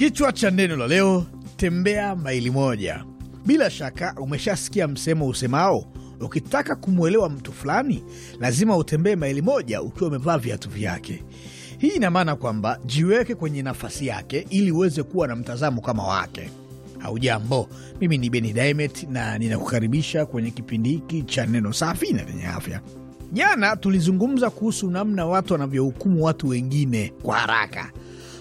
Kichwa cha neno la leo, tembea maili moja. Bila shaka umeshasikia msemo usemao ukitaka kumwelewa mtu fulani lazima utembee maili moja ukiwa umevaa viatu vyake. Hii ina maana kwamba jiweke kwenye nafasi yake ili uweze kuwa na mtazamo kama wake. Haujambo, mimi ni Beni Dimet na ninakukaribisha kwenye kipindi hiki cha neno safi na lenye afya. Jana tulizungumza kuhusu namna watu wanavyohukumu watu wengine kwa haraka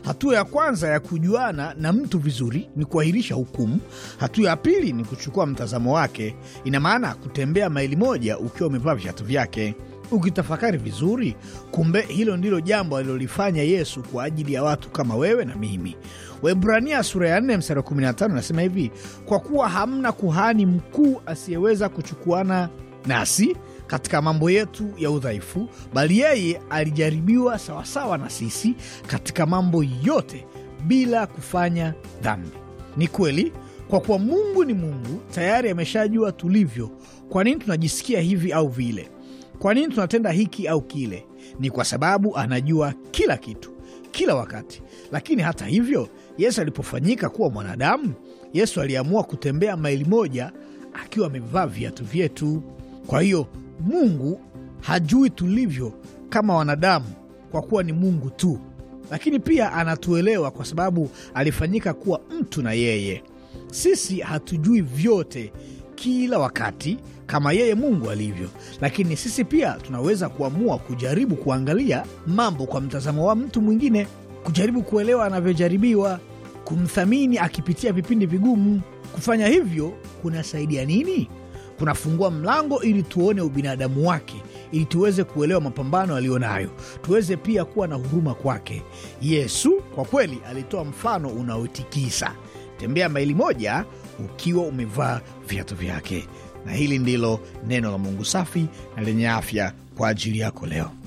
Hatua ya kwanza ya kujuana na mtu vizuri ni kuahirisha hukumu. Hatua ya pili ni kuchukua mtazamo wake, ina maana kutembea maili moja ukiwa umevaa viatu vyake. Ukitafakari vizuri, kumbe hilo ndilo jambo alilolifanya Yesu kwa ajili ya watu kama wewe na mimi. Waebrania sura ya 4 mstari wa 15 nasema hivi: kwa kuwa hamna kuhani mkuu asiyeweza kuchukuana nasi katika mambo yetu ya udhaifu, bali yeye alijaribiwa sawasawa na sisi katika mambo yote, bila kufanya dhambi. Ni kweli kwa kuwa Mungu ni Mungu, tayari ameshajua tulivyo. Kwa nini tunajisikia hivi au vile? Kwa nini tunatenda hiki au kile? Ni kwa sababu anajua kila kitu kila wakati. Lakini hata hivyo, Yesu alipofanyika kuwa mwanadamu, Yesu aliamua kutembea maili moja akiwa amevaa viatu vyetu. Kwa hiyo Mungu hajui tulivyo kama wanadamu, kwa kuwa ni Mungu tu, lakini pia anatuelewa kwa sababu alifanyika kuwa mtu na yeye. Sisi hatujui vyote kila wakati kama yeye Mungu alivyo, lakini sisi pia tunaweza kuamua kujaribu kuangalia mambo kwa mtazamo wa mtu mwingine, kujaribu kuelewa anavyojaribiwa, kumthamini akipitia vipindi vigumu. Kufanya hivyo kunasaidia nini? kunafungua mlango ili tuone ubinadamu wake, ili tuweze kuelewa mapambano aliyo nayo tuweze pia kuwa na huruma kwake. Yesu kwa kweli alitoa mfano unaotikisa: tembea maili moja ukiwa umevaa viatu vyake. Na hili ndilo neno la Mungu safi na lenye afya kwa ajili yako leo.